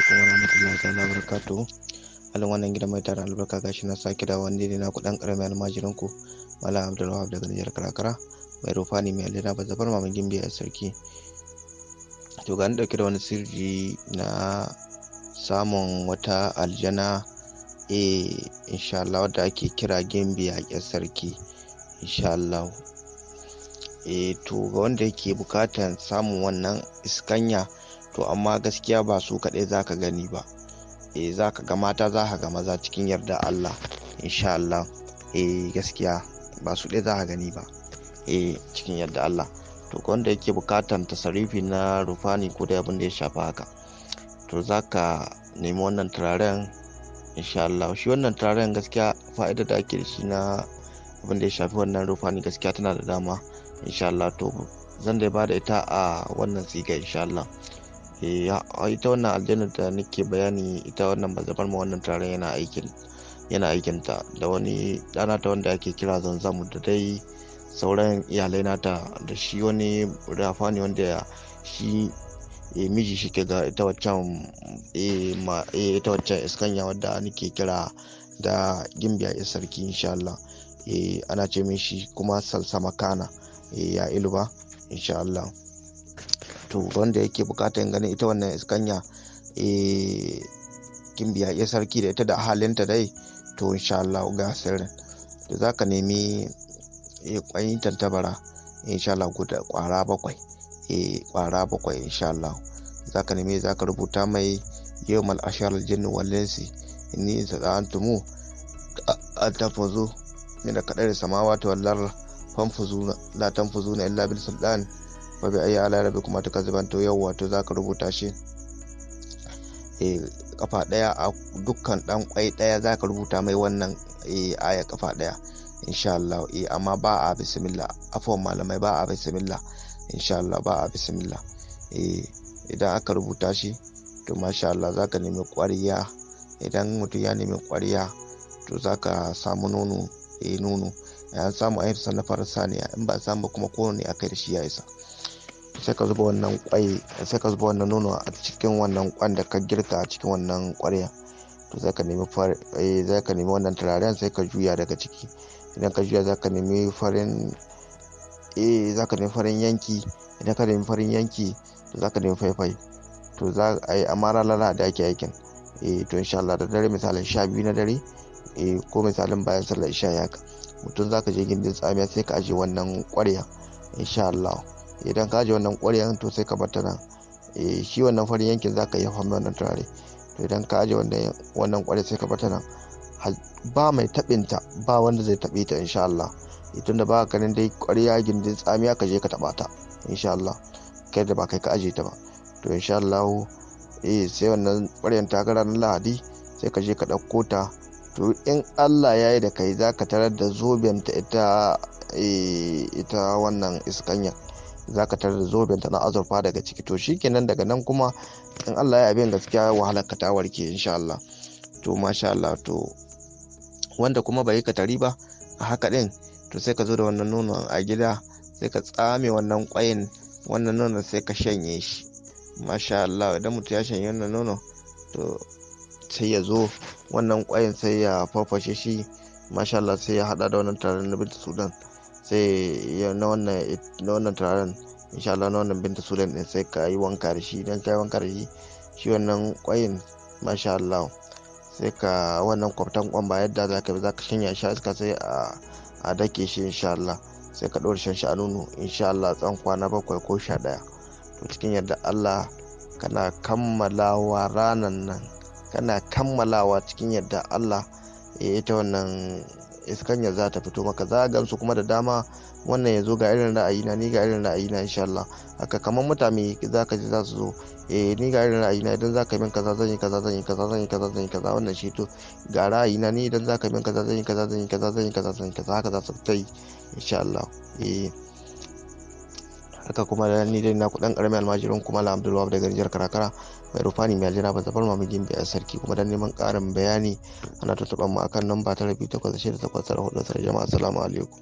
alaikum warahmatullahi ta'ala barakatu halin wannan gidan mai tara albarka gashi na sake da wani ne na kudan karamin almajirin ku malam abdulwahab daga nijar karakara mai rufani mai alina ba zabar mamin gimbi a sarki to ga dauke da wani sirri na samun wata aljana e insha wadda ake kira gimbi a sarki insha e to ga wanda yake bukatan samun wannan iskanya to amma gaskiya ba su kaɗai za ka gani ba e za ka ga mata za ka ga maza cikin yarda Allah insha Allah e gaskiya ba su ɗai za ka gani ba e cikin yarda Allah to wanda yake bukatan tasarifi na rufani ko da abin da ya shafa haka to za ka nemi wannan turaren insha Allah shi wannan turaren gaskiya fa'ida da ake da shi na abin da ya shafi wannan rufani gaskiya tana da dama insha Allah to zan da ba da ita a wannan siga insha Allah eh ita wannan aljannar da nake bayani ita wannan mazafar ma wannan taron yana aikin yana aikinta da wani ɗana ta wanda ake kira zanzamu da dai sauran iyalai nata da shi wani rafa ne wanda shi e miji shi ke ga ita waccan e ma e ita waccan iskanya wadda nake kira da gimbiya ya sarki insha Allah e ana ce min shi kuma salsama makana e ya iluba insha Allah to wanda yake bukatan ganin ita wannan iskanya e eh, kimbiya ya sarki da ita da halinta dai to insha Allah ga sirrin da za ka nemi kwayin eh, tantabara insha Allah guda kwara bakwai e eh, kwara bakwai insha Allah za ka nemi za ka rubuta mai yau mal ashar aljinnu wallensi ni za'antumu an tafazo ne da kadar samawa ta wallar fanfuzu la tanfuzu na illa bil sultan babu ayi ala kuma ta kaziban to yau wato zaka rubuta shi eh, kafa daya a dukkan dan kwai daya zaka rubuta mai wannan eh, aya kafa daya insha Allah eh, amma ba a bismillah afwan malamai ba a bismillah insha Allah ba a bismillah idan aka rubuta shi to masha Allah zaka nemi kwariya idan mutum ya nemi kwariya to zaka samu nono eh nono an samu ayyar sannan farar saniya in ba samu kuma kowane akai da shi ya isa sai ka zuba wannan kwai sai ka zuba wannan nono a cikin wannan kwan da ka girka a cikin wannan kwarya to za ka nemi eh, zai ka nemi wannan turaren sai ka juya daga ciki idan ka juya za ka nemi farin eh nemi farin yanki idan ka nemi farin yanki to za ka nemi faifai to za a yi amara ranar da ake aikin eh to insha Allah da dare misalin sha biyu na dare eh ko misalin bayan sallar isha haka mutum za ka je gindin tsamiya sai ka aje wannan kwarya insha Allah idan ka ji wannan ƙwaryan to sai ka bata nan eh, shi wannan farin yankin za ka yi fama wannan turare to idan ka ji wannan ƙwarya sai ka bata nan ba mai taɓinta ba wanda zai taɓe ta insha Allah eh, tun da ba ka ganin dai ƙwarya gindin tsamiya ka je ka taɓa ta insha Allah kai da ba kai ka aje ta ba to insha Allah eh sai wannan ƙwaryan ta ga ranar Lahadi sai ka je ka ɗauko ta to in Allah ya yi da kai za ka tarar da zobenta ita eh, ita wannan iskanya za ka tarar da zoben ta na azurfa daga ciki to shikenan daga nan kuma in Allah ya abin gaskiya wahalar ka ta warke insha Allah to masha Allah to wanda kuma bai ka tari ba a haka din to sai ka zo da wannan nonon a gida sai ka tsame wannan kwayin wannan nonon sai ka shanye shi masha Allah idan mutum ya shanye wannan nono to sai ya zo wannan kwayin sai ya farfashe shi masha Allah sai ya hada da wannan taron na sudan sai na wannan turaren insha Allah na wannan binta sulen din sai ka yi wanka da shi idan ka yi wanka da shi shi wannan kwayin masha Allah sai ka wannan kwaftan kwan ba yadda za ka za ka shanya shi iska sai a dake shi insha Allah sai ka ɗora shan shi a nono insha Allah tsan kwana bakwai ko sha ɗaya to cikin yadda Allah kana kammalawa ranan nan kana kammalawa cikin yadda Allah ya eh, ita wannan iskanyar za ta fito maka za su kuma da dama wannan ya zo ga irin ra'ayi na ni ga irin ra'ayi na insha Allah haka kamar mutane za ka ji za su zo eh ni ga irin ra'ayi na idan za ka min kaza zan yi kaza zan yi kaza zan yi kaza zan yi kaza wannan shi to ga ra'ayi na ni idan za ka min kaza zan yi kaza zan yi kaza zan yi kaza zan yi kaza haka za su ta yi insha Allah eh haka kuma da ni dai ku dan karamin almajirin kuma la abdulwahab daga jihar karakara mai rufani mai aljira ba mamu mamajin a sarki kuma dan neman karin bayani ana tuntuɓar mu akan namba tara biyu takwas shida takwas tara hudu jama'a assalamu alaikum